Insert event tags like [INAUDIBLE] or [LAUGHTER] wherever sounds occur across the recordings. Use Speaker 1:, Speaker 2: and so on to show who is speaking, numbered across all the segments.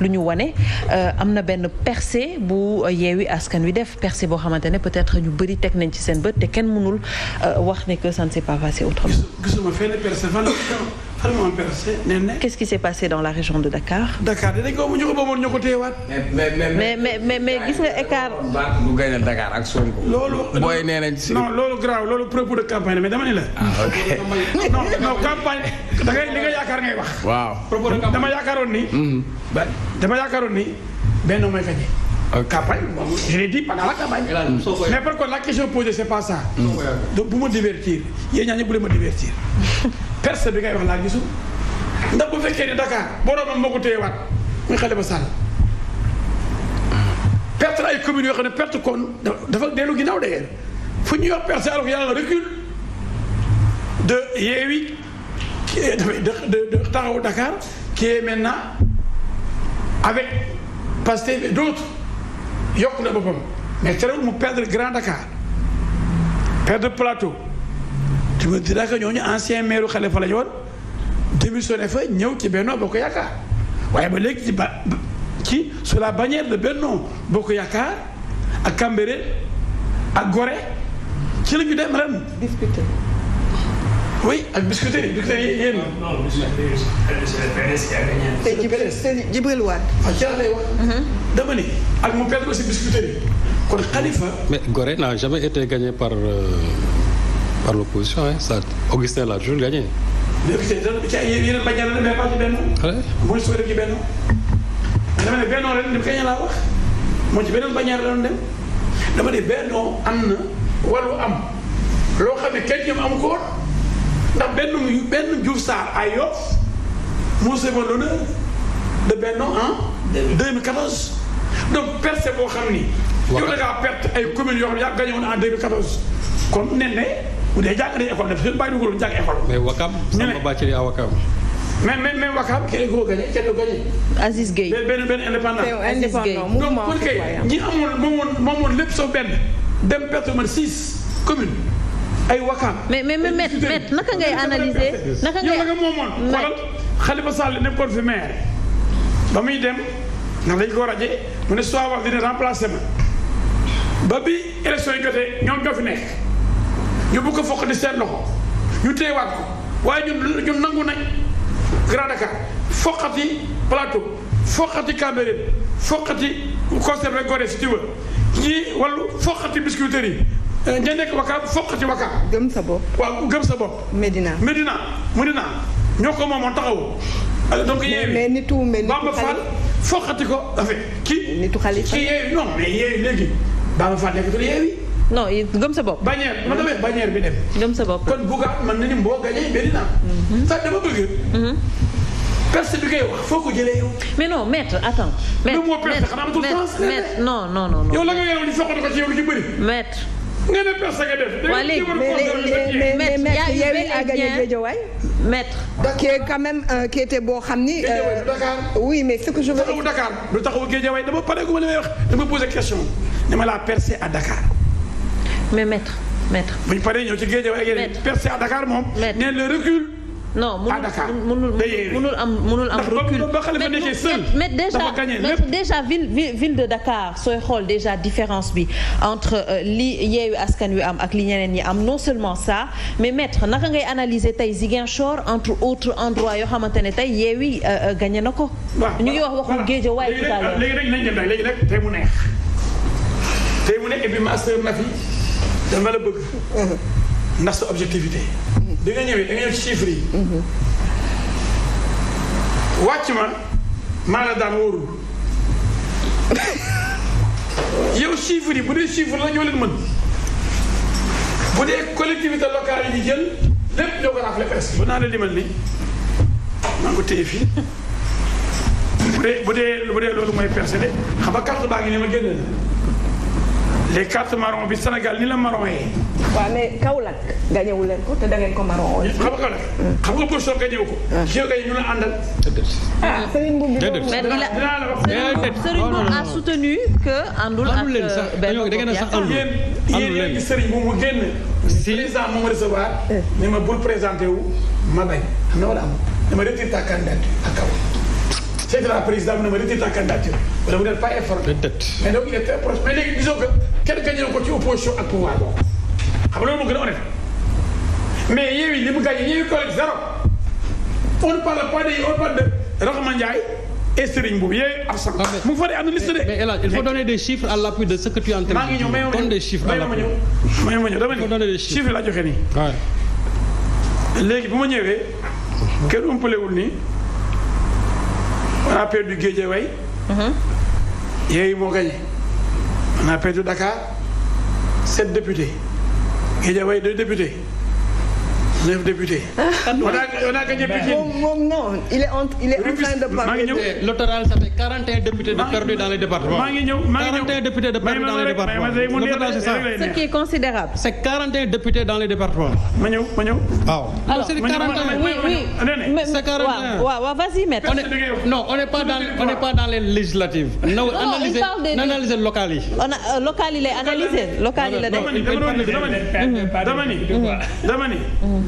Speaker 1: lu ñu wane euh, am na benn percée bu euh, yeewi askan wi def percée boo xamante ne peut-être ñu bëri teg nañ ci seen bët te kenn mënul euh, wax ne que ça ne s'est pas fan nga mën percé qu'est-ce qui s'est passé dans la région de Dakar.
Speaker 2: Dakar dinañ ko ñu ko booboon ñu ko téyewaat. mais
Speaker 1: mais mais mais gis nga écart.
Speaker 2: bu gañe Dakar ak Sonko. loolu booy nee si. non loolu grave loolu propos de campagne mais dama ne la. ah ok
Speaker 3: non non campagne da ngay yaakaar ngay wax.
Speaker 2: waaw propos de campagne ni. Mm-hmm. ba dama yaakaaroon ni benn mooy gañe. Euh, campagne je l'ai dit pendant la campagne. mais par contre la question posée c'est pas ça. donc bu ma divertir yéen ñaa bu leen ma divertir. perte bi ngay wax laa gisul ndax bu fekkee ne Dakar boroomam moo ko téyewaat muy Khalifa Sall. perte ay communes yoo xam ne perte kon dafa dellu ginnaaw d'ailleurs fu ñuy wax perte alors que yàlla recul de Yewwi de de Taxawu Dakar qui est avec Pastef et yokk na boppam mais terewul mu perdre Grand Dakar perdre Plateau tu me diras que ñooñu ancien maire Khalifa la ñu woon démissionné fa ñëw ci Benno ko Yaakaar waaye ba léegi ci ba ci sur la bannière de Benno Bokk Yaakaar ak Cambérène ak gore ci la ñu dem ren. oui ak biscuiterie biscuiterie yéen. non non biscuiterie c'est le
Speaker 4: PDS. c'est Djibril Wade.
Speaker 2: ah jaaxle woon. Mhm. dama ni ak kon Khalifa. mais Gorée n'a jamais été gagné par euh, l'opposition Augustin l'a toujours gagné. léegi tey dana ci ay yeneen bañ a la demee pas ci benn. mooy su ko def wax moo ci beneen bañaar am na ndax benn benn Diouf Sarr ay Yoff moo second l'honneur de Benno en 2014 donc perte boo xam ni. waaw yow da ay communes yoo xam yaa gagné woon en 2014 kon nen ne bu dee jàng nañu école def seen bàyyi dugaloon jàng école. mais Wakam Samba Bathily à Wakam. mais mais mais Wakam kenn koo gagné kenn benn benn indépendant. Aziz Gueye ñi amoon moomoon moomoon lépp sauf benn dem perte man six
Speaker 1: communes. ay wakkaan. mais mais mais met met naka ngay analyser. naka ngay yow nga moomoon. xoolal
Speaker 2: Khalifa Sall nekkoon fi maire. ba muy dem ndax dañ ko raje mu ne soit wax dina remplacer ma ba bi élection yi jotee ñoom ñoo fi nekk ñu bëgg ko fokk di seen loxo ñu téyewaat ko waaye ñun ñun nangu nañ Grand Dakar foqati plateau foqati Cambérène foqati conservé Gorée si ci ba ñii wàllu foqati biscuiterie yi. ña euh, nekk wakaam fokk ci gëm sa bopp waaw gëm sa bopp. Medina Medina Medina ñoo ko moomoon taxawu. donc yeewi mais nitu mais nitu Bamba Fall fokkati ko affaire kii. nitu Khalifa kii yeewi non mais yeewi léegi Bamba Fall nekkatul yeewi.
Speaker 1: non gëm sa bopp.
Speaker 2: bannière ma demee bannière bi dem. gëm sa bopp kon Bouga mën nañu mhm.
Speaker 1: mhm. ko jëlee yow. mais non maître attends. maître maître maître yow la nga yoroo ñu fokkati ko ci yow li ci bëri. nga ne perte nga def. da léegi mais mais maître Yewwi a gagné Guédiawaye. maître. qui est quand même un euh, qui était boo xam ni. Euh, oui mais ce que je veux. taxawu Dakar
Speaker 2: du taxawu Guédiawaye dama pare gu ma li may wax dama posé question ne ma la percée à Dakar. mais maître maître. bu ñu paree ñëw ci Guédiawaye. maître percée à
Speaker 1: Dakar moom. maître nee le recul. non mënul mënul am mënul am recul mais déjà mais déjà ville ville de Dakar sooy xool déjà différence bi entre euh, li yeewu askan wi am ak li ñeneen ñi am non seulement ça mais maître naka ngay analyser tey Ziguinchor entre autres endroits yoo xamante ne tey yeewi euh, euh, gagné na ko. ñu ngi wax waxu géej waaye tout à l'heure léegi rek nañ
Speaker 2: dem léegi rek tey mu neex tey mu neex et puis ma sœur Nafi dama la bëgg mm-hmm. ndax sa objectivité. Mm-hmm. di nga ñëwee da nga ñëw ma maa la daan wóorul. yow chiffres yi bu dee chiffre la ñoo leen mën bu dee collectivité locale yi ñu jël lépp ñoo ko rafle presque. bu dee bu dee loolu mooy percé de xam nga carte baa ngi ne ma génne na les cartes marron bi senegal ni la marron yee.
Speaker 4: waaw mais Kaolack gañewu leen ko te da ngeen ko maroo xam nga
Speaker 2: xam nga Bousso gañewu ko. kii ah. yooyu ñu la àndal. ah
Speaker 1: Serigne Boubou. mais Serigne Boubou a soutenu que àndul ak euh,
Speaker 2: benn bopp yéen a Serigne Boubou mu génn. si président moom recevoir. ni ma bul présenté wu ma bañ. xam nga wala am dama retiré ta candidature ak Kaolack. c'est la présidente ne ma retiré ta candidature wala mu def pas effort. mais donc il est très proche mais léegi disons que kenn gañewu ko ci opposition ak pouvoir xam nga loolu moo gën a honnête mais Yewwi li mu gagné Yewwi Collège zéro on ne parle pas de on parle de Rahma Ndiaye et Serigne Mboup yooyu absent. mu fa dee am na liste de. mais El Hadj il faut donner des chiffres à l'appui de ce que tu es en train de dire. maa ngi ñëw donne des chiffres à l'appui. ma ñëw ma ñëw dama ni chiffres laa joxe nii. waaw. léegi bu ma ñëwee. kenn umpalewul nii on a perdu Guédiawaye. Mhm. Yewwi moo gagné. on a perdu Dakar sept députés. Guédiawaye deux députés neuf députés. Ah. a a
Speaker 1: il est en de parler de
Speaker 2: littoral ça fait 41 députés de perdu dans les départements. maa ngi ñëw de perdu dans les départements. littoral c'est ça. ce qui
Speaker 1: est considérable.
Speaker 2: c'est 41 députés dans les départements. ma ñëw ma ñëw. waaw.
Speaker 1: alors c'est 41 oui oui. c'est 41 waaw waaw vas-y maître. on est non on n'est pas dans on n'est pas dans
Speaker 2: les législatives. non local yi.
Speaker 1: on a euh, local yi lay analyser local yi la def. dama ni
Speaker 2: dama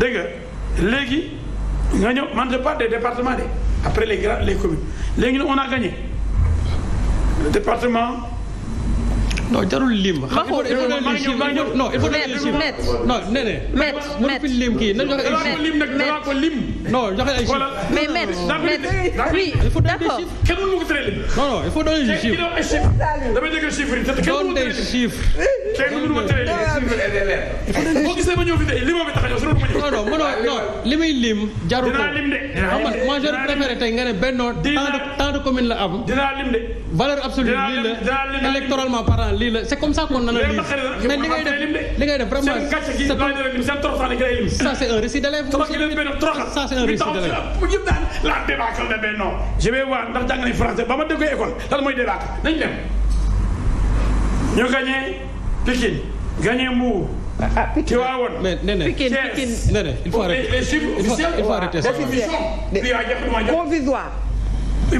Speaker 2: dégg nga léegi nga ñëw man je parle des départements de après les grandes les communes léegi nag on a gagné le département. non jarul lim. xam nga il non il faut donner les chiffres non nee na.
Speaker 1: mètre mètre lim kii nan joxe ay chiffres. mètre mètre ko
Speaker 2: lim. non joxe ay chiffres. mais mètre mètre oui il
Speaker 1: faut donner des chiffres. kenn mënu ma ko tëree lim.
Speaker 2: non non il faut donner des chiffres. damay dégg chiffres yi te kenn mënu ma ko tëree lim. tey lu ma tere lii boo gisee ma ñëw fi tey li ma fi tax a ñëw sinon du ma ñëw. non non mënoo non li may lim. jarul ko dinaa lim de. dinaa lim moi je préfère tey nga ne Benno tant de commune la am. dinaa lim de. valeur absolue lii la électoralement parlant lii la c'est comme ça qu'on analyse mais li ngay def li ngay def vraiment ça c'est un récit d'élève ça c'est un récit d'élève ñëpp daan la débâcle de Benno je vais voir ndax jàng nañ français ba ma déggee école lan mooy débâcle nañ dem ñu gagné Pikine gagné Mbour. ah, ah Pikine Tivaouane. mais Nene Pikine Pikine Nene il faut arrêter il faut il faut arrêter ça. provisoire.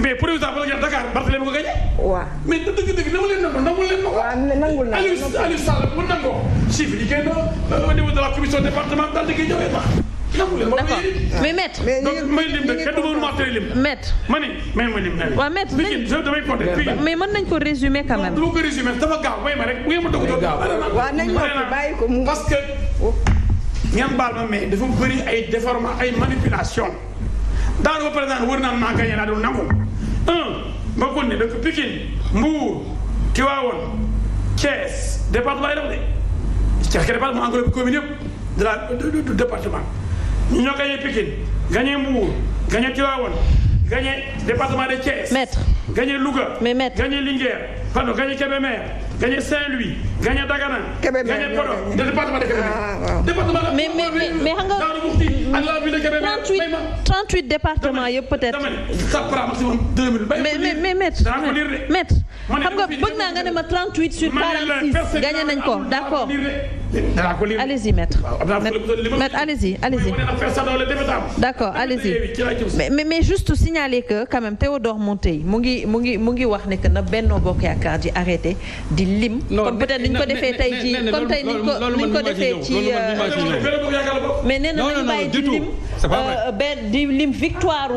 Speaker 2: mais provisoire ba la jox Dakar Barthélémy ko gagné. waaw mais dëgg-dëgg nangu leen nangu nangu leen nangu. waaw nangul na Aliou Aliou Sall bu nangoo chiffre yi génn euh, au niveau de la commission départementale da ngay ñëwee d'accord mais maître. mais ñu ngi may lim de kenn du ma ma lim.
Speaker 1: maître ma ni may ma lim. waaw maître léegi damay compter mais mën nañ ko résumer quand même. du ma ko résumer dafa gaaw may ma rek bu ngeen ma dugg. waaw nañ ma ko bàyyi ko mu parce que
Speaker 2: oh. ngeen baal ma mais dafa bëri ay déformation ay manipulation daanaka ba par exemple wër naa maa gagné laa doon nangu un ba ko ne donc Pikine Mbour Tivaouane Thiès département yi def de. Thiès département engrais bi commune yëpp de la du département. ñu ñoo gagné Pikine gagné Mbour gagné Tivaouane gagné département de Thiès. maître gagné Louga. mais maître gagné Linguère. pardon gagné Kébémer gagné Saint-Louis gagné Dagana. Kébémer
Speaker 1: gagné
Speaker 4: Podor département de Kébémer. Ah, département de mais
Speaker 1: mais mais xam nga. Darou Mouhty ak la ville de Kébémer. 38 mais mais mais nañ ko d'accord. danaa ko lire allez-y maître. maître allez-y allez mais mais juste signaler que quand Théodore Montey mu ngi mu ngi mu ngi wax ne que na Benno Bokk Yaakaar Dakar di arrêté di lim. comme peut être ni ko defee tey ci comme tey ni ko defee ci. mais nee na nañu di lim. victoire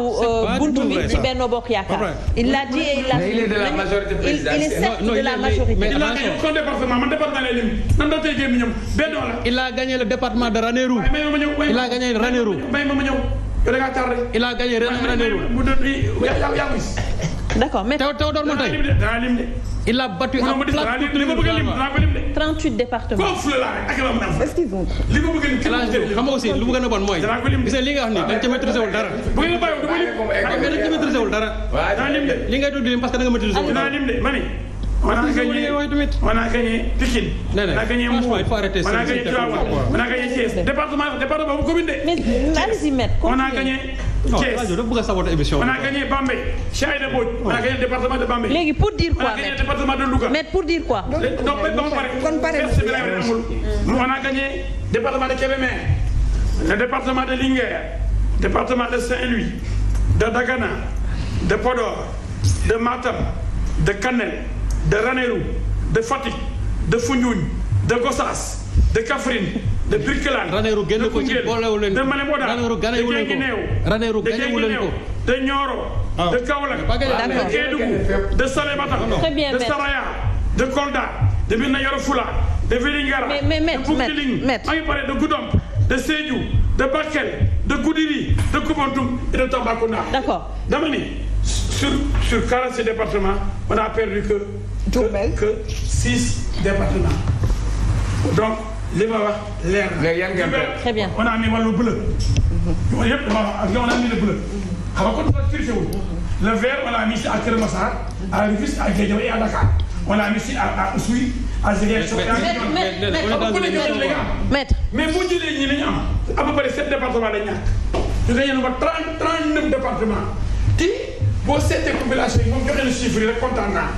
Speaker 1: buntu bi ci Benno Bokk Yaakaar. il l'a dit et il l'a fait. de la majorité présidentielle non il est certes de la majorité. il a gagné son
Speaker 2: département man département lay lim nan la tey génn a gagné le de Ranérou. il a gagné Ranérou. may a
Speaker 1: d'accord mais Théodore Monteil
Speaker 2: il a battu en plat toute une gendarmerie
Speaker 1: 38 départements.
Speaker 2: est-ce qu'ils ont. li ma bëgg a lim xam nga aussi lu mu gën a bon mooy. gis nga li nga wax nii da nga ca maîtriser wul dara. bu ngeen bàyyi da nga ca maîtriser wul dara. li ngay tudd parce que da nga maîtriser wul dara. On a gagné on a gagné Pikine. on a gagné Mbour on a gagné Tivaouane on a gagné Thiès département département bu commune de. mais on a gagné. Thiès rajo dafa bëgg a saboter émission bi. on a gagné Bambey. Cheikh Aïda Mbodj. on département de Bambey. léegi pour dire quoi on a gagné de Louga. mais pour dire quoi. donc kon pare mmh. on a gagné département de Kébémer. le département de Linguère. département de Saint-Louis. de Dagana. de Podor. de Matam. de Kanel. de Ranérou. de Fatick. de Foundiougne. de Gossas. de Kaffrine. de Birkelane Ranérou génn ko ci boolewu leen ko Ranérou ganewu leen ko Ranérou ganewu leen ko de Nioro ah. de Kaolack de Kédougou de de ah, Saraya de Kolda de Médina Yoro de Vélingara
Speaker 1: de Bounkiling ay pare
Speaker 2: de Goudomp de Sédhiou de Bakel de de Koubantoum et d'accord dama sur sur 46 départements on a perdu que donc li ma wax leer na. léegi yan on a mis wàllu bleu. Mhm. on a mis le bleu. Mhm. xam nga kon dafa triché wu. Mhm. le vert on a mis si a Kër Massar. à Rufisque à Guédiawaye et à Dakar. on a mis si à à Oussouye. à Ziguinchor. mais mais mais boo ah. jëlee ñi li ñu am. à peu près sept département lañ ñàkk. ñu dañu ne ba trente trente neuf département. ti boo seetee population yi moom joxe na chiffre yi rek kontaan naa.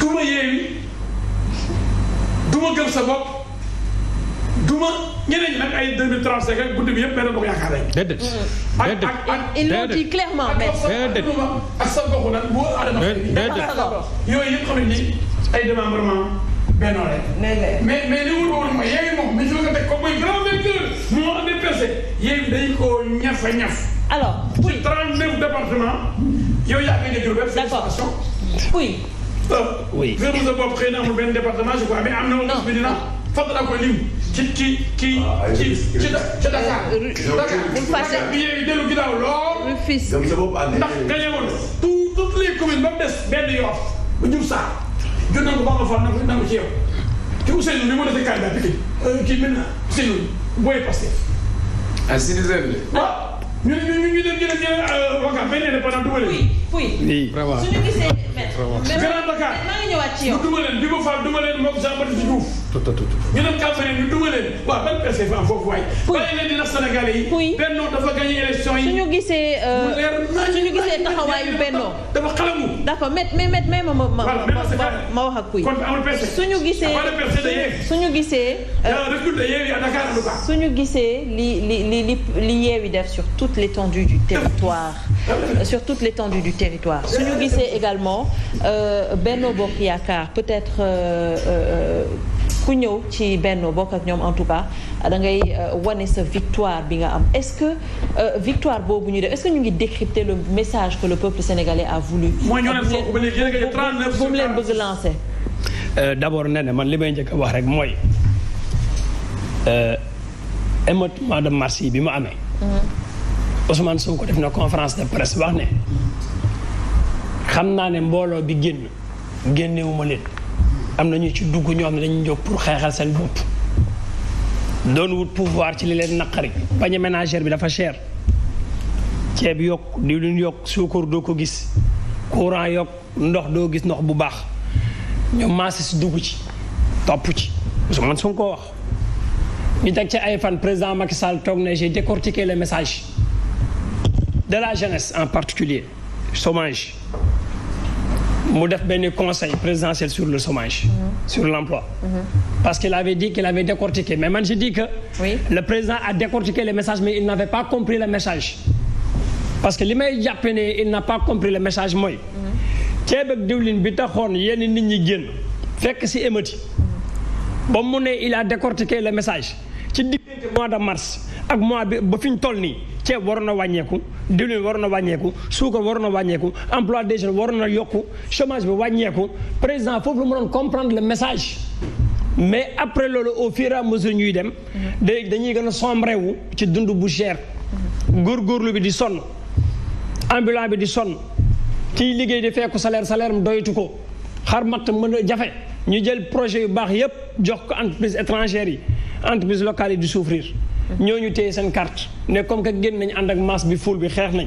Speaker 2: du ma yeewi du ma gëm sa bopp du ma ñeneen ñi nag ay 2035 ak guddi bi yëpp mel na ko yaakaar rek. déedéet déedéet il l'ont dit
Speaker 1: clairement mais ak
Speaker 2: sa goxu nag bu adama yooyu yëpp xam ne ni ay démembrement bennoo rek. mais mais li wut woon mooy yeewi moom mi ko teg ko mooy grand vainqueur moo am dépassé yeewi dañ koo ñaf a ñaf. alors ci 39 département yow yaa ngi ne Diourbel. d'accord oui gërëm sa bopp xëy na amul benn département je crois mais am na woon. bi dina fàttali ko lim. ci ci ci ci ci Dakar. Rufisque Dakar bi yee dellu ginnaaw lool. Rufisque ndax gagné woon tout toutes les communes ba mu des benn Yoff ba jur saa jot na ko ba nga fa na ko na ko ci yow. te Ousseynou mi moo defee candidat euh, bi kii kii maintenant Ousseynou booy Pastef.
Speaker 3: ah Cydizane. waaw. ñu
Speaker 2: ne ñu ñu dem jëlee jëlee euh, wakaam benn indépendant duma leen. fuy fuy. lii vraiment suñu gisee.
Speaker 1: vraiment Grand
Speaker 2: Dakar. maa ngi ñëwaat ci yow. duma leen bi ma faal duma leen moom Jean Baptiste Diouf. ñu dem campagne ñu dugal leen waaw ban pexe fa am foofu waaye. bàyyi leen di nax Sénégalais yi. oui Benno dafa gagné élection yi.
Speaker 1: su ñu gisee euh, su ñu gisee taxawaayu Benno. dafa xalamu. d' accord mais mais mais ma ma ma ma wax ak kuy. kon amul pexe su ñu gisee su ñu gisee. Euh, su ñu gisee li li li li li Yewwi def sur toute l' étendue du territoire. Euh, sur toute l' étendue du territoire su ñu gisee également Benno Bokk Yaakaar peut-être. ku ñëw ci benn bokk ak ñoom en tout cas euh, da ngay euh, wane sa victoire bi nga am est-ce que euh, victoire boobu ñu def est-ce que ñu ngi décrypter le message que le peuple sénégalais a voulu. mooy
Speaker 2: ñu bu mu
Speaker 4: leen bëgg lancer. d'abord nee man li may njëkk wax rek mooy émouement de marché yi bi mu amee. Mm-hmm. Ousmane ko def na conférence de presse wax ne xam naa ne mbooloo bi génn génnewuma leen. am na ñu ci dugg ñoo xam ne dañuy jóg pour xeexal seen bopp doon wut pouvoir ci li leen naqari pañe ménagère bi dafa cher ceeb yokk diwlin yokk suukar doo ko gis courant yokk ndox doo gis ndox bu baax ñoom maasi si dugg ci topp ci Ousmane Sonko ko wax ñu teg ci ay fan président Macky Sall toog na j'ai décortiqué les message de la jeunesse en particulier chômage mu def benn conseil présidentiel sur le chômage. Mm -hmm. sur l'emploi mm -hmm. parce qu'il avait dit qu'il avait décortiqué mais man je dis que. le président a décortiqué les messages mais il n'avait pas compris le message. parce que li may jàppe ne il n'a pas compris le message mooy. Mhm. ceeb ak diwlin bi taxoon yenn nit ñi génn fekk ci émeute yi mhm. ba mu ne il a décortiqué le message ci diggante mois de mars ak mois bi ba fi ñu toll nii. ceeb waroon na wàññeeku diwlin waroon na wàññeeku suukar waroon na wàññeeku emploi des jeunes waroon na yokku chômage bi wàññeeku président foofu la mënoon comprendre le message mais après loolu au fur et à ñuy dem léegi dañuy gën a sombre wu ci dund bu cher góorgóorlu bi di sonn ambulant bi di sonn ci liggéey di feeku salaire salaire mu doytu ko xar matt mën a jafe ñu jël projet yu baax yépp jox ko entreprise étrangères yi entreprise locale yi di souffrir ñooñu téye seen carte ne comme que génn nañ ànd ak masse bi foule bi xeex nañ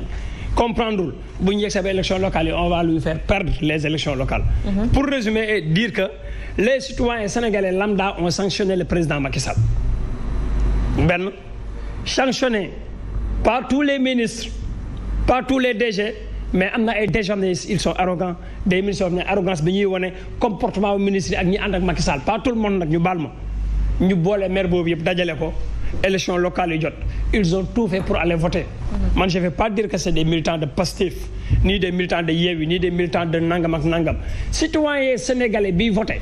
Speaker 4: comprendrewul bu ñu yegsee ba élection locale yi on va lui faire perdre les élections locales. Mhm. pour résumer et dire que les citoyens sénégalais lambda ont sanctionné le président Macky Sall. benn sanctionné par tous les ministres par tous les DG mais am na ay DG ne ils sont arrogants des ministres yoo xam ne comportement bu ak ñi ànd ak Macky Sall pas le monde nag ñu baal ñu boole maire boobu yëpp dajale ko. élection locale yi jot ils ont tout fait pour aller voter mm-hmm. man je vais pas dire que c'est des militants de Pastef ni des militants de Yewwi ni des militants de nangam ak nangam citoyen sénégalais bi voté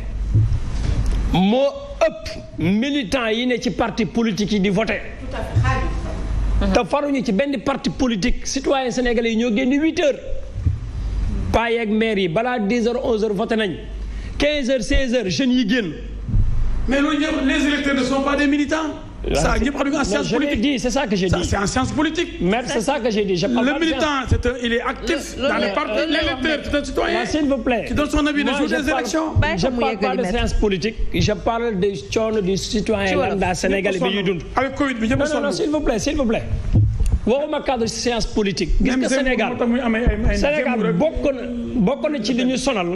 Speaker 4: moo ëpp militants yi ne ci parti politique yi di voté mm-hmm. te faruñu ci benn parti politique citoyen sénégalais yi ñoo génn huit heures mm-hmm. paa yeeg maire yi balaa dix heures onze heures voté nañ quinze heures seize heures jeunes yi génn mais loolu ñëpp les électeurs ne sont pas des militants Ça, ñëpp xam nga en science politique. Je dit, c'est ça que j'ai dit. C'est en
Speaker 2: que j'ai dit. Je le militant, euh, il est actif dans le, les partis. L'électeur, c'est un S'il vous plaît. Qui de science de
Speaker 4: Covid Non, s'il vous plaît, s'il vous plaît. waxuma cadre science politique. gis nga Sénégal Sénégal bokk na bokk na ci li ñu sonal.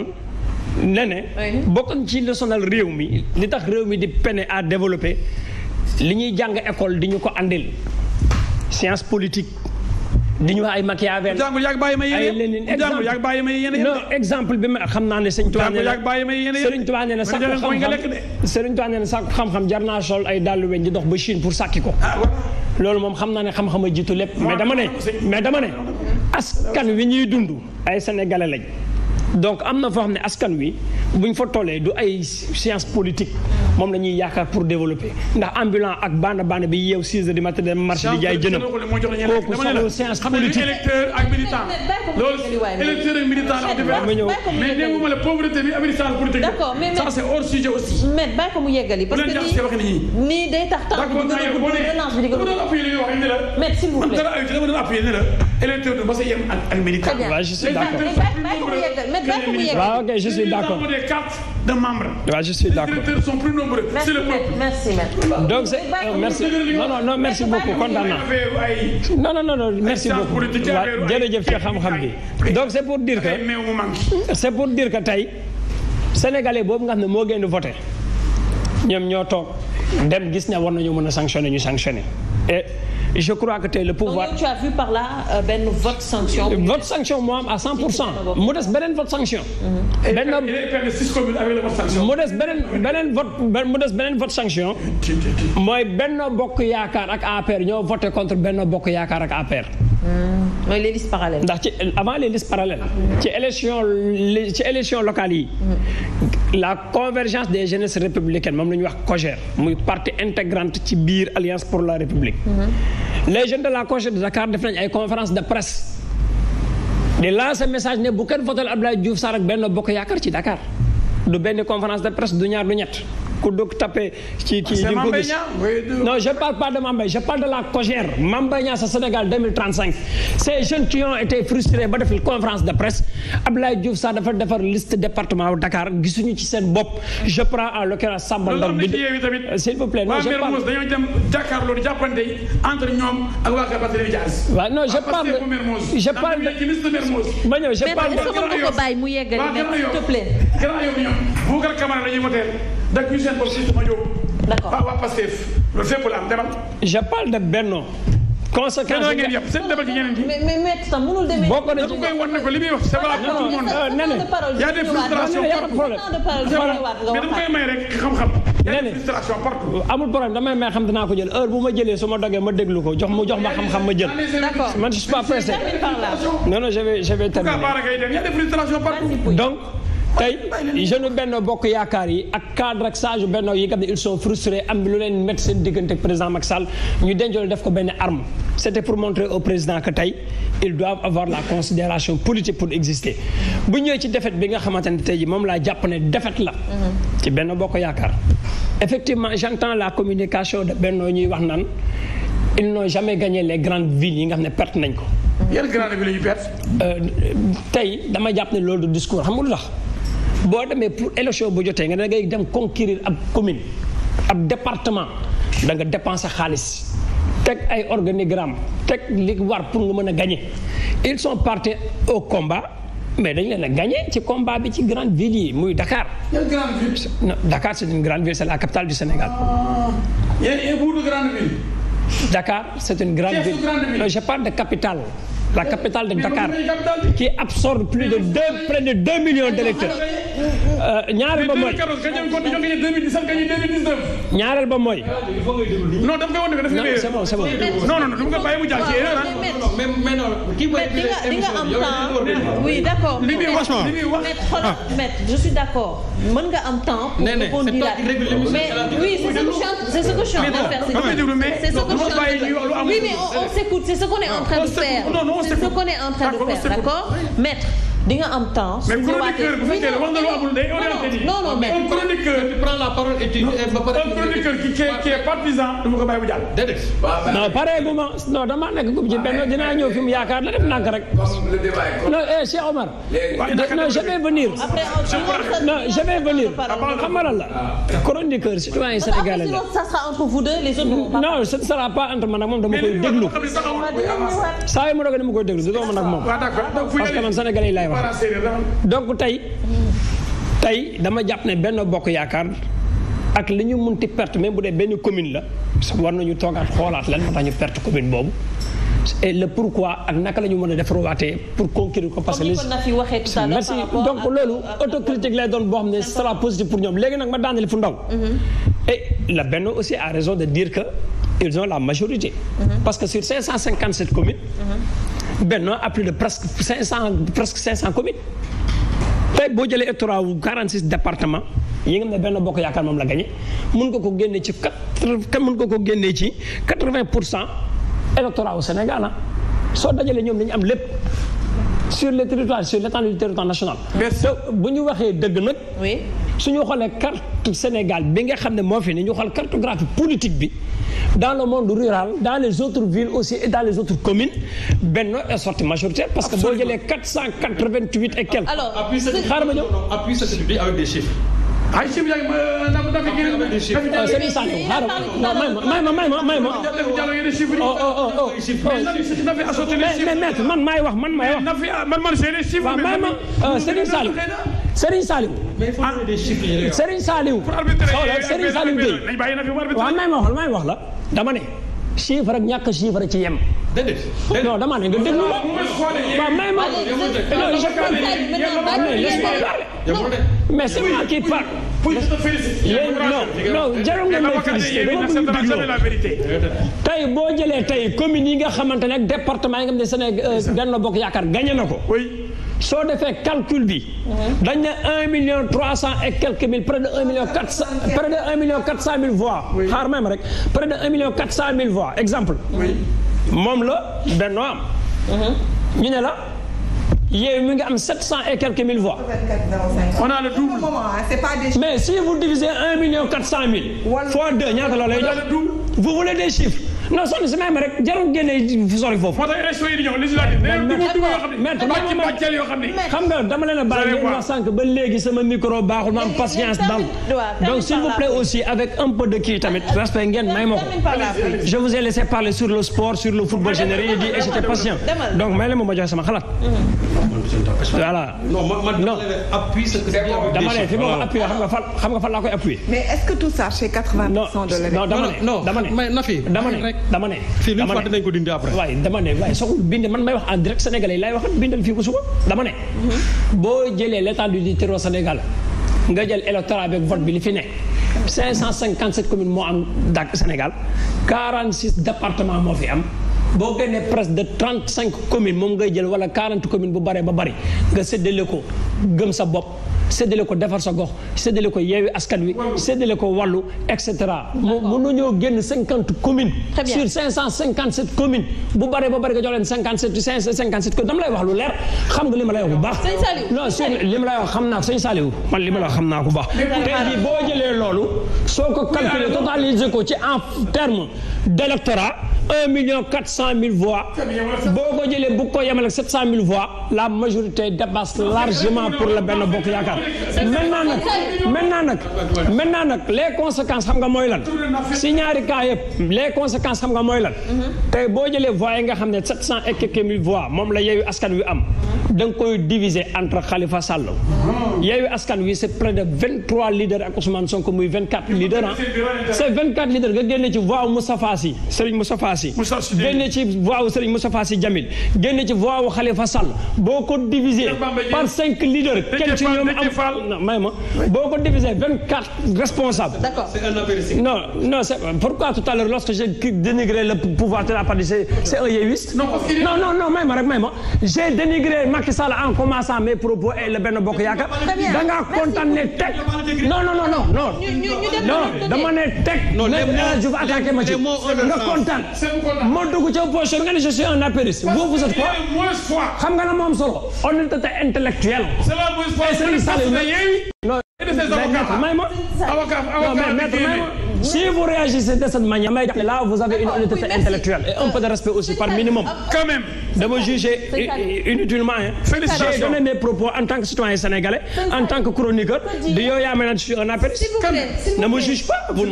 Speaker 4: ne ne bokk na ci li mi li tax réew mi di peine à développer. li ñuy jàng école di ñu ko andil science politique di ñu wax ay Machiavel. ay Lénine exemple exemple bi ma xam naa ne sëñ Tuubaa nee na sëriñ Tuubaa nee na sàkku xam-xam sëriñ Tuubaa nee na sàkku xam-xam jar naa sol ay dàllu weñ di dox ba Chine pour sàkki ko. Ah, loolu moom xam naa ne xam-xam a jiitu lépp mais dama ne mais dama ne askan wi ñuy dund ay sénégalais lañ donc am na foo xam ne askan wi. bu ñu fa tollee du ay science politique moom la ñuy yaakaar pour développer ndax ambulant ak banda banda bi yeew 6 heures du matin dem marché di jaay jënam kooku soxla science politique électeur
Speaker 2: ak militant
Speaker 1: loolu électeur ak militant ma ñëw mais dégguma la pauvreté bi ak militant politique ça c'est hors sujet aussi mais bàyyi ko mu yeggali parce que nii day tax temps bi di gën a gudd relance bi di gën a gudd mais s'il vous plaît dama
Speaker 2: doon appuyer ne la électeur du mas a yem ak ak militant. waaw d' accord les cartes
Speaker 4: de membre. waaw je suis d' accord les électeurs sont plus nombreux. donc c' beaucoup kontaan naa non non non merci beaucoup waaw jërëjëf ci xam-xam bi donc c' est pour dire que c' est pour dire que tey sénégalais boobu nga xam ne moo gën di ñoom ñoo toog dem gis ne war nañu mën a sanctionné ñu sanctionné et. je crois que tey le pouvoir. donc
Speaker 1: tu as vu par là
Speaker 4: euh, benn vote sanction. vote sanction moo am à 100 pour cent mu des beneen vote sanction.
Speaker 1: Mm-hmm.
Speaker 4: benn mu des beneen beneen vote mu des beneen vote sanction. mooy Benno Bokk Yaakaar ak APR ñoo voté contre Benno Bokk Yaakaar ak APR. Mm. mooy les listes parallèles. ndax ci avant les listes parallèles. ci élection ci élection yi. la convergence des jeunesses républicaines moom la ñuy wax COJER muy partie intégrante ci biir alliance pour la république. Mm-hmm. les jeunes de la COJER de Dakar def nañ ay conférence de presse. di lancer message ne bu kenn votal Abdoulaye Diouf Sarr ak benn bokk yaakaar ci Dakar du benn conférence de presse du ñaar du ñett. ku dugg tapé. ci kii di nga je parle pas de Mame je parle de la COJER Mame Mbaye sa Sénégal 2035 ces jeunes qui ont ba def conférence de presse Abdoulaye Diouf sax dafa defar liste département wu Dakar gisuñu ci seen bopp je prends en l'occurrence Samba Ndong bi euh, s'il vous plaît non je parle
Speaker 2: dañoo dem jàkkaarloo di jàppante entre ñoom ak waa Kapatine
Speaker 4: Diaz waaw non je
Speaker 2: parle je de. mais dak ñu seen bopp si sama jóg. d'accord waaw waaw parce que loolu fépp la am demal. je parle de Benno. conséquence yi ngeen yàpp seen demal ci ñeneen
Speaker 1: ñi. mais mais maître sax mënul demee. boo ko defee koy wan ne ko li muy wax c'est valable pour tout le monde. nene y a des frustrations partout mais dama koy may rek xam-xam.
Speaker 4: nene frustration partout. amul problème damay may xam dinaa ko jël heure bu ma jëlee su ma dogee ma déglu ko jox ma jox ma xam-xam ma jël. d'accord man je suis pas pressé. non non je vais je vais terminer. donc. tey jeune benn bokk yaakaar yi ak cadre ak sage benno yi nga xam ne ils sont frustrés am lu leen met seen diggante ak président Macky Sall ñu dencoon def ko benn arme c' était pour montrer au président que tey ils doivent avoir pour exister bu ñëwee ci défaite bi nga xamante ne tey ji moom laa jàpp ne la mhm. ci benn bokk yaakaar effectivement j' entends la communication de benno ñuy wax naan ils n'ont jamais gagné les grandes villes yi nga xam ne perte nañ ko yan grandes euh, tey dama jàpp ne loolu du discours xam nga lu tax boo demee pour élection bu jotee nga da ngay dem conquérir ab commune ab département da nga dépenser xaalis teg ay organigramme teg li war pour nga mën a gañe ils sont partis au combat mais dañ leen a gagné ci combat bi ci grande ville yi muy Dakar. yan grande ville. non Dakar c' une grande ville c' la capitale du Sénégal. yéen ah. est une grande ville. grande la capitale de Dakar, qui absorbe plus de deux, millions d'électeurs. Euh, ñaareel ba mooy ñaareel non da nga
Speaker 2: non c'est bon ah.
Speaker 1: mais oui d'accord. li ah. je suis d'accord mën mais oui c'est ce que c'est ce oui mais on s'écoute c'est ce qu'on est en train se connaît en train de di nga am temps. mais chroniqueur bu fekkee wax nga lu amul la
Speaker 2: pare.
Speaker 4: un chroniqueur qui qui gub ci dinaa ñëw fi mu yaakaar la def nànk rek. non eh Omar. non je venir. après non venir. xam nga lan la. Ah. chroniqueur pas entre man ak moom koy déglu. saa yu ma doon dama koy déglu du doon man ak moom. parce que man sénégalais wax donc tey tey dama jàpp ne benn bokk yaakaar ak li ñu munti perte même bu dee benn commune la war nañu toogaat xoolaat lan moo tax ñu perte commune boobu et le pourquoi ak naka la ñu mën a defarwaatee pour conquérir ko parce que
Speaker 1: merci donc loolu
Speaker 4: autocritique lay doon boo xam ne sera positif pour ñoom léegi nag ma daaneel fu ndaw mhm. et la benn aussi a raison de dire que ils ont la majorité mhm. parce que sur 557 communes mhm. Benno a plus de presque 500 presque 500 communes tey boo jëlee électorat wu 46 département yi nga xam ne Benno Bokk Yaakaar moom la gagné mun nga ko génnee ci 4 mun nga ko génnee ci 80 pour cent électorat wu Sénégal ah soo dajalee ñoom dañu am lépp sur le territoire sur l'étendue du territoire national. mais bu ñu waxee dëgg nag. su ñu xoolee carte Sénégal bi nga xam ne moo fi ni ñu xool cartographie politique bi dans le monde rural dans les autres villes aussi dans les autres communes sorti majoritaire parce que boo jëlee 488 et quelques. alors xaaral ma ñëw appuie sa public avec des chiffres. ay chiffres yaa ngi ma naan ma naan des chiffres. sëñ Sadio xaaral
Speaker 2: ma may ma may ma mais maître man maay
Speaker 4: wax man maay wax. man man seen i chiffres. waaw may ma sëñ Sadio. Serigne Saliou. mais foofu la ah, des chiffres yi la Serigne Saliou. Serigne Saliou may ma la may wax la dama ne. chiffre ak ñàkk chiffre ci yem. déedéet non dama ne nga déglu ma. waaw may ma. non je peux mais c'est moi qui parle. non non tey boo jëlee tey communes yi nga xamante ne ak département yi nga xam ne Sénégal euh, Bokk Yaakaar gagné na ko. soo defee calcul bi. Mhm. dañ ne un million trois cent et quelques mille près de un million quatre cent près de un million quatre cent mille voix. rek près de un million quatre cent mille voix exemple. moom la Benno am. Mhm. ñu ne la. yéen mi ngi am 700 et quelques mille voix. on a le double. mais si vous divisez 1 million 400 mille. fois 2 ñaata la lay jox. vous voulez des chiffres. non soxna si même rek jarul génne sori foofu. moo tax élection yi di ñëw législative. yoo xam ne. xam nga dama leen a baal ngeen wax sànq ba léegi sama micro baaxul ma am patience dal donc s'il vous plaît aussi avec un peu de kii tamit respect ngeen may ma ko. je vous ai laissé parler sur le sport sur le football généré di et j'étais patient donc may leen ma ma joxe sama xalaat.
Speaker 1: Mm-hmm.
Speaker 4: voilà. non man man appui ce que dama ne fi ma ko appuyé xam nga fan xam nga fan laa koy appuyé. mais est-ce que tout ça c'est 80% de l'élection. non dama ne dama ne dama ne. fii lu ñu fàtte nañ ko dindi après. waaye dama ne waaye soxul bind man may wax en direct sénégalais yi laay waxat bindal fii ko suba dama ne. Mhm. boo jëlee l'étendue du territoire Sénégal nga jël électorat beeg vote bi li fi ne. 557 communes moo am dak Sénégal 46 départements moo fi am. boo génnee presque de trente cinq commune moom ngay jël wala quarante commune bu baree ba bari nga séddale ko gëm sa bopp. séddale ko defar sa gox séddale ko yeewi askan wi séddale ko wàllu et cetera mënuñoo génn cinquante communes sur cinq cent cinquante sept communes bu baree ba bari nga jox leen cinquante sept cinq cent cinquante sept communes dama lay wax lu leer xam nga li ma lay wax bu baax ma li xam naa ko bu baax tey loolu soo ko ko ci en terme d'électorat un million quatre cent mille voix boo ko jëlee bu ko yemal ak sept cent mille la majorité dépasse largement pour la benn bokk yaakaar maintenant nag maintenant nag maintenant nag les conséquences xam nga mooy lan si ñaari cas yëpp les conséquences xam nga mooy lan tey boo jëlee voix yi nga xam ne sept cent et mille voix moom la yeewu askan wi am da nga koy diviser entre Khalifa Sall yeewu askan wi c'est près de vingt trois leaders ak Ousmane Sonko muy vingt quatre leaders ah c'est vingt quatre leaders nga génne ci voix Moustapha Sy Serigne Moustapha Sy génne ci voix Serigne Moustapha Sy Jamil génne ci voix Khalifa boo ko diviser par cinq Fall may ma boo ko diviser vingt quatre responsables. d'accord c'est un apériciste. non non c'est pourquoi tout à l'heure lorsque j'ai dénigré le pouvoir de la partie c'est un yéwiste. non non non non may ma rek may ma en commençant mes propos et le Benno Bokk Yaakaar. da ngaa kontaanee teg. non non non non
Speaker 1: non. ne
Speaker 4: teg. non lépp lépp attaqué ma ci nga kontaan. ma dugg ci opposition ne je suis un apériciste. vous nga ne moom solo honnêteté intellectuelle. c'est la ça se fait Yewwi. non mais maître may ma. avocat avocat bi génne si vous réagissez de cette manière may jàpp là vous avez une honnêteté intellectuelle et un peu de respect aussi par minimum. quand même dama juger inutilement hein. en tant que citoyen sénégalais en tant que chroniqueur de yow yaa mel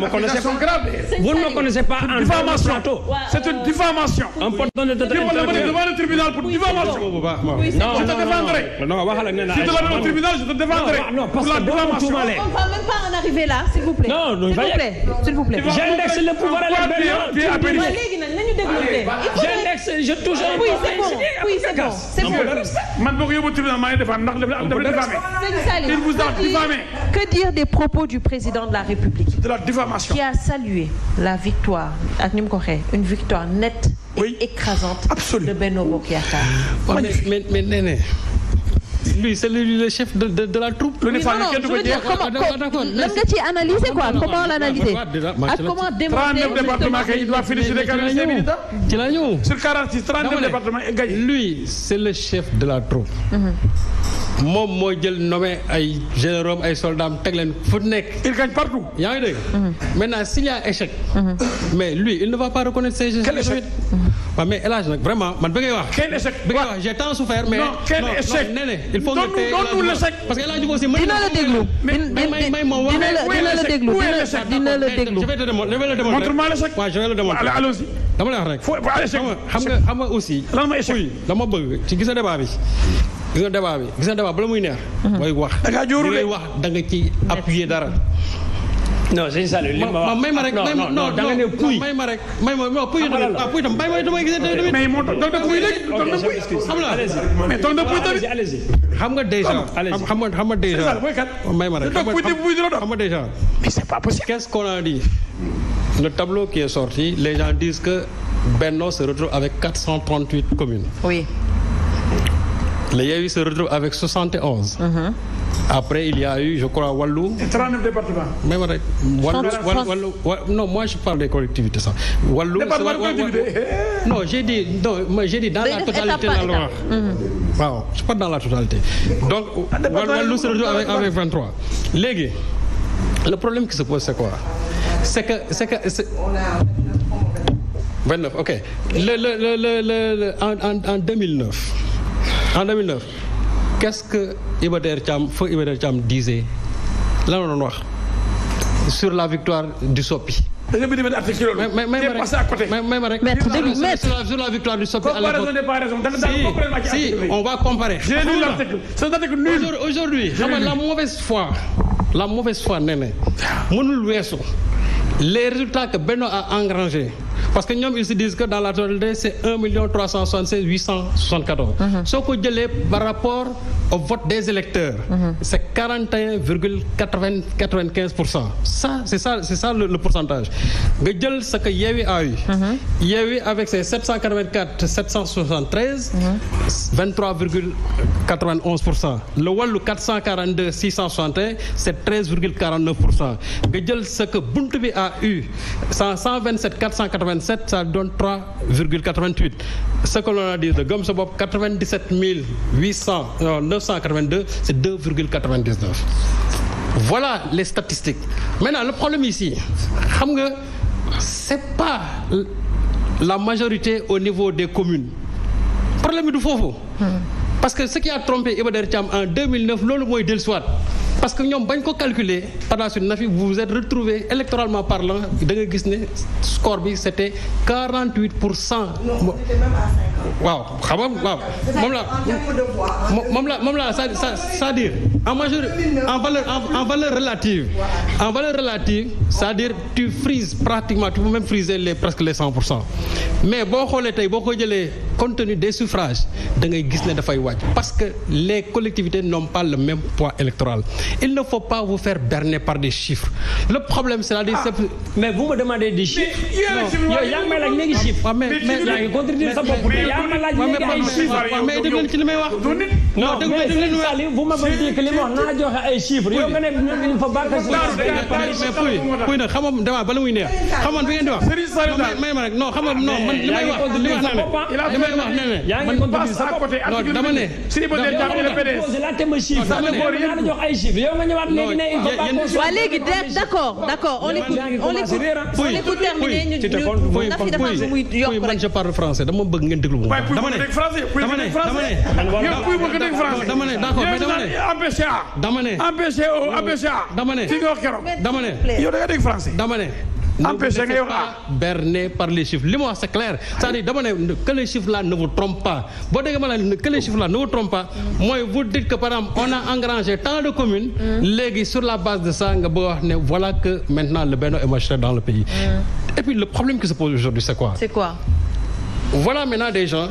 Speaker 4: me connaissez pas en tant c'est une diffamation. un peu d'honnêteté intellectuelle devant le tribunal
Speaker 2: pour diffamation. non non non non si tu que
Speaker 1: doo ko tuumalee. pas en arriver là s'il vous plaît. s'il s'il vous plaît. j'indexe le pouvoir à la benn. léegi nag nañu déglu j'indexe je touche un point.
Speaker 2: oui c'est bon c'est bon man boo ko yóbbu tribunal maa ngi defaan ndax dafa diffamé. il vous a diffamé.
Speaker 1: que dire des propos du président de la République. de la diffamation qui a la victoire ak ni ko waxee une victoire nette et écrasante. absolument de Benno Bokk Yaakaar.
Speaker 2: mais mais nee lui c'est lui le chef de de, de la troupe. lu ne Fall kenn du ko jeex d'accord lan nga ciy analyser quoi comment l'analyser ak ah, comment démontrer 39 départements lui c'est le chef de la troupe.
Speaker 3: Mhm.
Speaker 2: moom moo jël nommé ay généraux ay soldats teg leen fu il gagne partout. yaa ngi dégg. Mhm. maintenant s'il y a échec. Mhm. mais lui il ne va pas reconnaître ses échecs. waaw mais El Hadj nag vraiment man bëggee wax. kenn échec bëggee wax j'ai tant souffert mais. non kenn échec il faut nga tey parce que El Hadj aussi. la déglu may
Speaker 3: may moom dina la dina la déglu dina la déglu.
Speaker 2: je vais je vais le démontrer. montre le démontrer. allons-y dama lay wax rek. foo ma bëgg ci gis nga débat bi. gis nga débat bi gis nga débat bala muy neex. mooy mhm. wax da ngaa jóoru
Speaker 4: ci appuyer dara. non sëñ Saliou ma wax ma da ah, nga ne nga
Speaker 2: mais toog na puy tamit. xam nga déjà a dit le tableau les gens disent que Benno se retrouve avec 438 communes. oui. les Yewwi Après, il y a eu, je crois, Wallou. 39 départements. Même Non, moi, je parle des collectivités. Ça. Wallou, eh. Non, j'ai dit, dans la totalité la Loire. Wow, je parle dans la totalité. Donc, ah, Wallou se retrouve avec, avec 23. Légué, le problème qui se pose, c'est quoi C'est que. C'est que 29, ok. Le, le, le, en, en 2009. En 2009. qu'est-ce que Iba Der Thiam feu Iba Der Thiam disait lan la sur la victoire du Sopi. dañoo ma rek mais ma rek. sur la victoire du Sopi à si on va comparer. j'ai aujourd'hui xam la mauvaise foi la mauvaise foi nee mënul weesu les résultats que Benno a engrangé parce que ñoom ils se disent que dans la totalité c' est 1 million 376 874. Mhm. soo ko jëlee par rapport au vote des électeurs. c' est 41 virgule 80 95 pour cent. ça c' est ça c' est ça le, le pourcentage nga jël ce que Yewwi a eu. Mhm. Yewwi avec ses 784 773. 23 virgule 91 pour cent. le Wallu 442 661 c' est 13 virgule 49 pour cent nga jël ce que Bunt bi a eu 57 ça donne 3,88 ce que l'on a dit de Gëm sa bopp 97 800 non 982 c'est 2,99 voilà les statistiques maintenant le problème ici xam nga c'est pas la majorité au niveau des communes problème bi du foofu hmm. parce que ce qui a trompé Iba Der Thiam en 2009 loolu mooy dellusiwaat parce que ñoom bañ ko calculer par la suite na fi vous vous êtes retrouvé électoralement parlant da nga gis ne score bi c' pour cent. waaw xam nga waaw. moom la moom la moom la c'est-à-dire en majeur en valeur en valeur relative. en valeur relative cest dire tu frises pratiquement tu peux même friser les presque les 100 pour cent mais boo xoolee tey boo koy jëlee compte tenu des suffrages da ngay gis ne dafay wàññi. parce que les collectivités n'ont pas le même poids électoral il ne faut pas vous faire berner par des chiffres le problème c'est-à-dire ah. mais vous me demandez des chiffres yow yaa ngi may laaj léegi mais yaa ngi contredire sa bopp yaa ngi may laaj léegi ay chiffres mais dégg leen ci li
Speaker 4: may wax non dégg leen dégg leen sali vous ma bëgg dire que li ma wax naa joxe ay chiffres
Speaker 2: yow nga ne ñu fa bàkk mais puy puy nag xam nga dama bala muy neex xam nga bi ngeen di wax non xam li may wax ah. li may wax nee ne man dama ne ne Sidi Bodé jàppale PDS la te ma chiffre sax la na jox
Speaker 4: ay chiffres yow nga ñëwaat léegi ne il faut pas waaw léegi d'accord d'accord on écoute on écoute on écoute terminer
Speaker 1: ñu
Speaker 2: ñu man je parle français dama bëgg ngeen déglu bu dama ne dama ne dama ne d'accord mais dama ne APCA dama ne APCO APCA dama ne fi nga wax keroog dama ne yow da nga dégg français dama ne empêché ngay wax berné par les chiffres li ma wax c'est clair c'est-à-dire dama ne que les chiffres là ne vous trompent pas boo déggee ma la ne que les chiffres là ne vous trompent pas mooy vous dites que par exemple on a engrangé tant de communes léegi sur la base de ça nga bëgg wax ne voilà que maintenant le Benno est majoritaire dans le pays mm. et puis le problème qui se pose aujourd'hui c'est quoi c'est quoi voilà des gens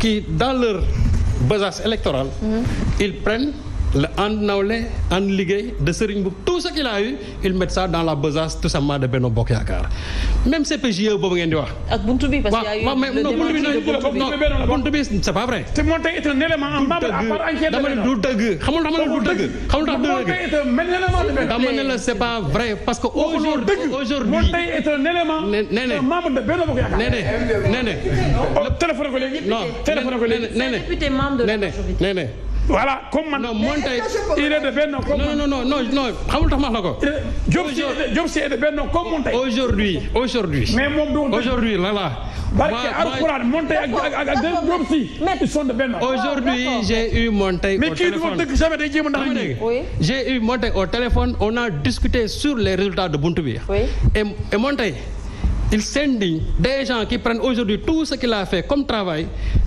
Speaker 2: qui dans leur besace électorale mm. ils prennent le ànd nawle ànd liggéey de Serigne Mboup tout ce qu'il a eu il met ça dans la besace tout simplement de Benno Bokk Yaakaar même CPJE boobu ngeen di wax.
Speaker 1: ak buntu bi a eu le
Speaker 2: démenti de c'est pas vrai. te Montaigne est un élément en dama ne la c'est pas vrai parce que. aujourd'hui Montaigne est un élément. un membre de Benno voilà comme man. non Montaigne il est de Benno comme man non non non non xamul tax ma la ko. Eh, Diop si Diop si est de Benno comme Montaigne. aujourd'hui aujourd'hui mais moom du. aujourd'hui là là. barke alxuraan Montaigne ak ak Diop si ils sont de Benno. aujourd'hui j'ai eu Montaigne au téléphone mais kii jamais day jéem a ndax dégg j'ai eu Montaigne au téléphone on a discuté sur les résultats de Buntu bi. oui et et Montaigne il s'indigne des gens qui prennent aujourd'hui tout ce qu'il a fait comme travail.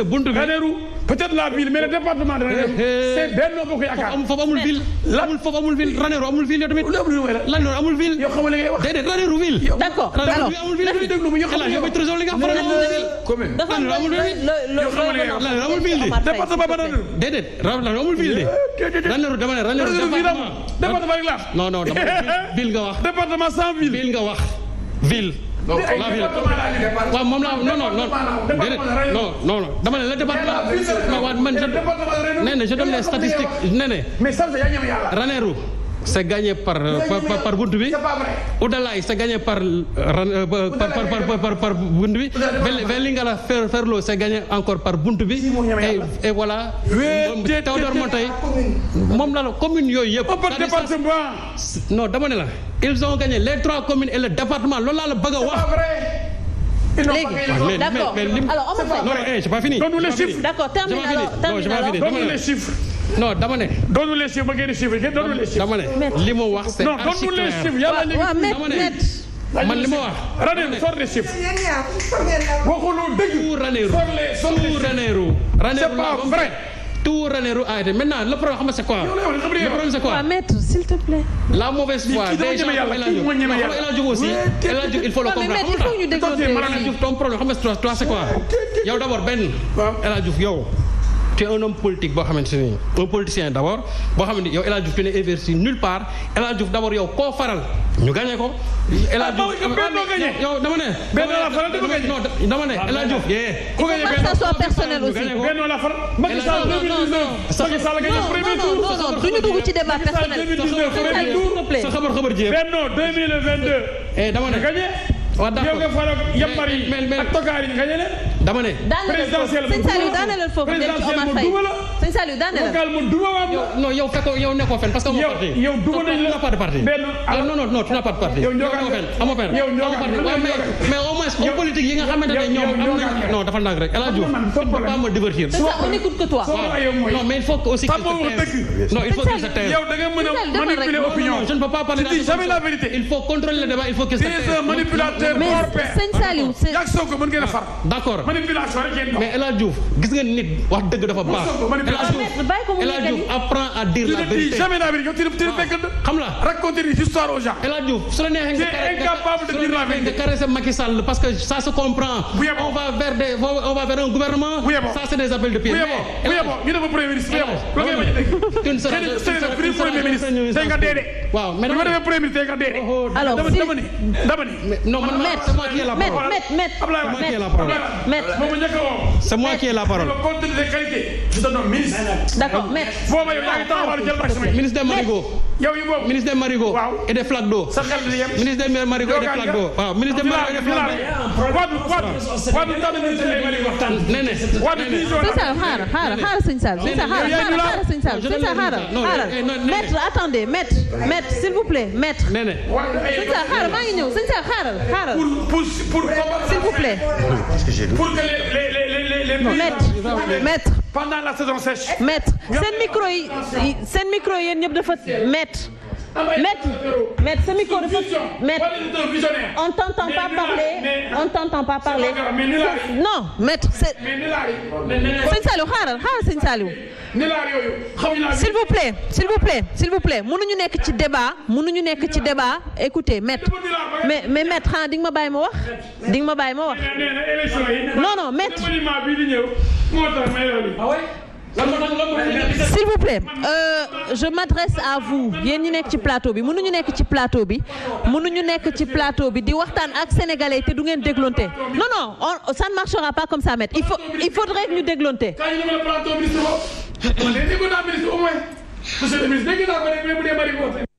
Speaker 2: sa buntu bi Ranérou peut-être la ville mais le département de Ranérou eh, eh. c'est Benno Bokk Yaakaar foofu amul ville amul foofu amul ville Ranérou amul ville yow tamit Ranérou amul ville yow xamal li ngay wax déedéet [LAUGHS] donc la ville waaw moom laa non non non dama la département mais waaw man nee na je donne les statistiques nee na Ranérou c'est gagné par par bunt bi Oudalaye c'est gagné par par par bunt bi euh, euh, Vélingara Ferlo c'est gagné encore par bunt bi et voilà Théodore Monteil moom la la commune yooyu yëpp non dama la ils ont gagné les trois communes et le département loolu laa la bëgg a
Speaker 1: wax léegi ah, d' accord alors non non j'ai eh, pas fini. donne-nous les chiffres. d' accord termine
Speaker 2: alors termine alors donne-nous les chiffres. non dama ne. donne-nous les chiffres ba ngeen di chiffres ngeen donne-nous les chiffres. dama ne li ma wax c'est archi clair man li ma wax. Ranérou sort les chiffres. waxuñu dëgg. Ranérou Ranérou. c'est pas vrai. tout relais ru arrêté maintenant le problème xam nga c'est quoi. le problème c'est quoi. waaw maître s'il te plaît. la mauvaise foi des gens comme El Hadj Diouf aussi El Hadj Diouf il faut le comprendre xam nga ton problème xam nga toi c'est quoi yow d'abord benn El Hadj Diouf yow. tu es un homme politique boo xamante ni un politicien d' abord boo xamante ni yow El Hadj Diouf tu n'es investi nulle part El Hadj yow koo faral ñu gagné ko. El Hadj ah, Diouf ah, yow dama ne. benn la faral dama gagné non dama ne El Hadj Diouf. ku
Speaker 1: personnel aussi. benn la faral Macky Sall 2019. Macky Sall gagné premier tour. non ci débat personnel. Macky Sall 2019 premier sa xabar
Speaker 2: xabar jéem. benn 2022. dama ne waaw d'accord yow nga faral yambar yi ak tokaar yi nga ñu ne. dama ne. présidentiel mu duma la.
Speaker 1: sëñ Saliou daane la local mu duma waat
Speaker 2: la. non yow fekkoo yow nekkoo fenn parce que amoo parti. yow yow duma nañ la pas de parti. benn ah, non non non tu n'as pas de parti. yow ñoogaat fenn amoo fenn. yow ñoogaat fenn mais au moins homme politique yi nga xamante ne ñoom am nañ. non dafa ndànk rek El Hadj Diouf tu peux pas me divertir. c'est ça on
Speaker 1: n'écoute que toi. non mais il
Speaker 2: faut aussi que non il faut que je taise. yow da nga mën a manipuler opinion. je ne peux pas parler. tu dis jamais la vérité. il faut contrôler le débat il faut que sëñ Saliou yaa Sonko mën ngeen a far ah, d'accord mais El Hadj Diouf gis ngeen nit wax dëgg dafa baax El Hadj Diouf apprend à dire la vérité jamais la vérité ah, xam la raconter des histoires aux gens El Hadj Diouf su la neexee nga incapable de dire la vérité caresser Macky Sall parce que ça se comprend on va vers des on va vers un gouvernement ça c'est des appels de pied bu yeboo ñu def premier ministre bu yeboo tu ne seras plus premier ministre tey nga dee de waaw oh, oh, oh. mais dama defee premier ministre tey nga dee de dama ni dama ni c'est moi qui ai la parole c'est moi qui ai la parole d'accord ministre des marigots ministre des marigots et des flaques d'eau ministre des marigots et des flaques d'eau waaw ministre des marigots et des flaques d'eau
Speaker 4: waaw ministre
Speaker 1: xaaral pour pour s'il vous plaît. pour maître maître pendant la saison sèche. maître seen micro yi seen micro yéen ñëpp dafa maître. Maître, euh, maître, ce micro on ne t'entend pas parler, on ne t'entend pas parler. Non, maître, c'est...
Speaker 2: Sëñ Saliou xaaral
Speaker 1: xaaral Sëñ Saliou. S'il vous plaît, s'il vous plaît, s'il vous plaît, mënuñu nekk ci débat, mënuñu nekk ci débat. Écoutez, maître, mais mais maître ah, di nga ma bàyyi ma wax di ma bay ma wax.
Speaker 2: Non non, maître.
Speaker 4: s'il
Speaker 1: vous plaît euh, je m'adresse à vous yéen ñi nekk ci plateau bi mënuñu nekk ci plateau bi mënuñu nekk ci plateau bi di waxtaan ak sénégalais te du ngeen dégloonte non non on, ça ne marchera pas comme ça maître il faut il faudrait que [COUGHS]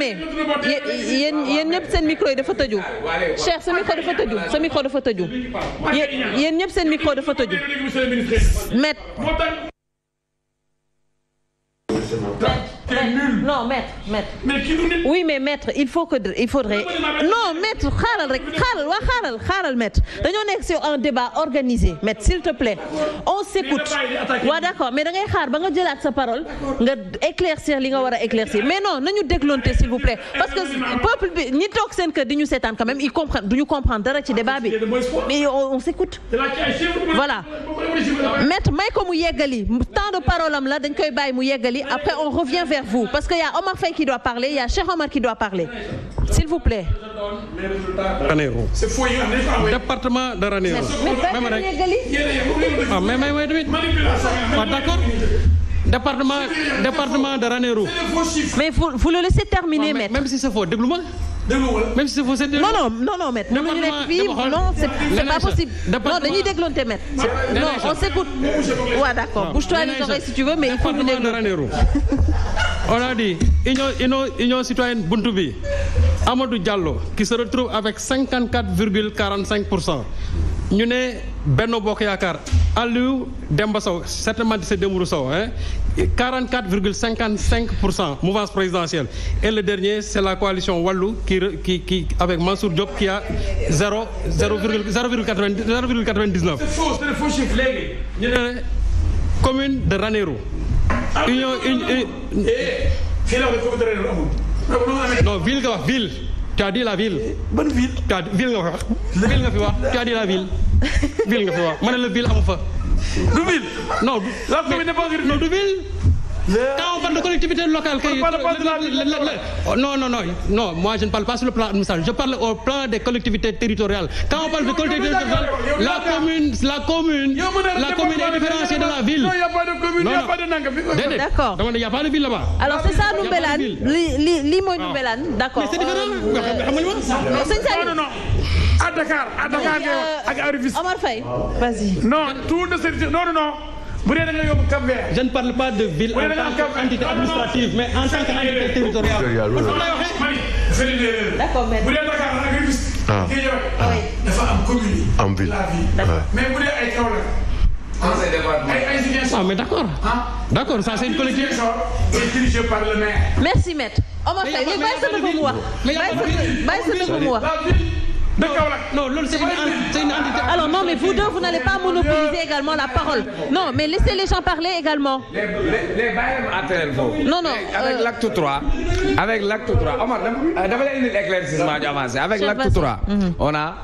Speaker 1: mais yéen yéen ñëpp seen micro yi dafa tëju. Cheikh sa micro dafa tëju sa micro dafa tëju. yéen ñëpp seen micro dafa tëju. maître. t'es nul. non maître maître. mais kii du nit. oui mais maître il faut que il non maître xaaral rek xaaral waa xaaral maître dañoo nekk sur un débat organisé maître s'il te plaît on s'écoute waaw d'accord mais da ngay ba nga jëlaat sa parole nga éclaircir li nga war éclaircir mais non nañu dégloonte s'il vous plaît parce que peuple bi ñi toog seen kër di ñu seetaan quand même ils comprennent duñu comprendre dara ci débat bi mais on s'écoute voilà maître may ko mu yeggali vers vous, parce qu'il y a Omar Faye qui doit parler, y a Cheikh Omar qui doit parler. S'il vous plaît.
Speaker 2: Ranérou. département de Ranérou. ah mais may may tamit waaw d'accord département département de Ranérou.
Speaker 1: mais vous le laissez terminer maître. même si c'est faux déglu ma. même si vous êtes non non non non maître mënuñu nekk fii non c'est pas possible non dañuy dégloonte maître non on s'écoute waaw d'accord bouge-toi les mais il faut ñu déglu on
Speaker 2: a dit union union citoyenne buntu bi Amadou Diallo qui se retrouve avec pour cent ñu ne Benno Bokk Yaakaar Aliou Demba Sow certainement c'est Dembourou Sow hein 44 virgule 55 pour cent mouvance présidentielle et le dernier c'est la coalition Wallu qui qui qui avec Mansour Diop qui a 0 0 virgule 0 virgule 90 0 virgule 99. c'est faux commune de Ranérou. Ah, union ville nga ville. t'as a la ville. Eh, ban ville. t'as ville nga fi wax. a nga fi wax t'as dit la ville. ville nga Quand on de collectivité locale, non, non, non, non, parle pas le plan administratif, je parle Quand on parle de collectivité territoriale, la commune, la commune, la commune de la ville. a a D'accord. Il n'y a pas de ville là-bas.
Speaker 1: Alors c'est ça Noumbelan, limo Noumbelan, d'accord. À Dakar, à Dakar, à euh, Non, tout ne se
Speaker 2: non, non, non. bu dee da nga yóbbu Cap Vert. je ne parle pas de ville en tant qu'entité administrative mais en tant qu'entité territoriale. parce que lay
Speaker 1: waxee. d'accord mais bu dee Dakar nag nga gis.
Speaker 2: Ah. Ah dafa am commune. am ville mais bu dee ay Kaolack. conseil départemental. ah mais d'accord. Ah. d'accord ça c'est une collectivité. est dirigée par le
Speaker 1: maire. merci maître. Omar Faye mais bàyyi sa dëgg mu wax. bàyyi sa dëgg mu wax. de Kaolack. non loolu c'est une c'est mais vous n'allez pas monopoliser également la parole non mais laissez les gens parler également. les
Speaker 3: les les bàyyi non non euh, avec l'acte 3 euh, avec l'acte 3 Omar mhm. on a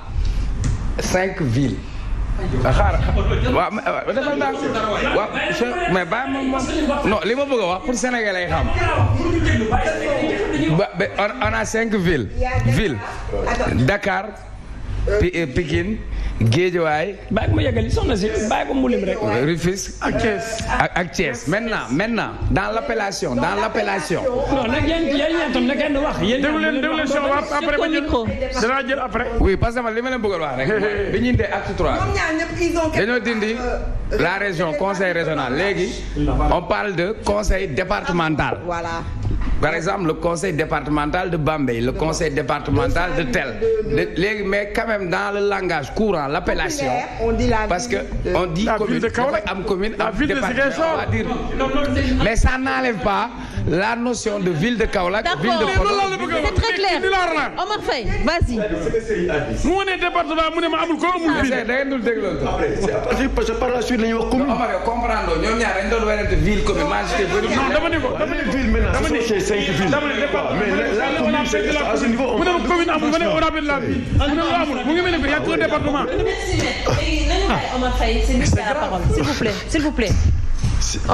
Speaker 3: cinq villes. xaaral waaw dafa li ma bëgg a wax pour ay xam on a cinq villes Dakar euh, Pikine Géejawaay bàyyi ko ma yeggali soxna si bàyyi ko mu lim rek. Rufisque ak Thiès ak Thiès maintenant maintenant dans l' appellation dans l' appellation. non
Speaker 4: nag yéen yéen itam na
Speaker 3: wax. yéen itam déglu wax après ma parce que man li ma leen bëggoon wax rek. [LAUGHS] bi ñu indi acte trois dañoo euh, la région conseil régional léegi on parle de conseil départemental. voilà. par exemple le conseil départemental de Bambey le conseil départemental de Tel léegi mais quand même dans le langage courant. dans l'appellation parce que on dit commune dafay am commune am département on va dire mais ça n'enlève pas la notion de ville de Kaolack. ville de Podor c'est très
Speaker 1: clair Omar Faye vas-y. mu wane département mu ne ma amul ko amul ville.
Speaker 3: da ngeen dul dégloon. après parce que par la suite la ñuy wax commune. Omar yow comprendre ñoom ñaar dañu doon werante ville commune maa ngi
Speaker 2: non dama ne ko dama ne ville maintenant
Speaker 3: c'est cinq villes. dama ne département mais la commune c'est à ce niveau.
Speaker 2: on a commune amul ma ne on appelle la ville. mu ne la amul mu ngi mel ne que y a un département. merci.
Speaker 1: léegi nañu bàyyi Omar Faye c'est lui qui a la parole s'il vous plaît s'il vous plaît.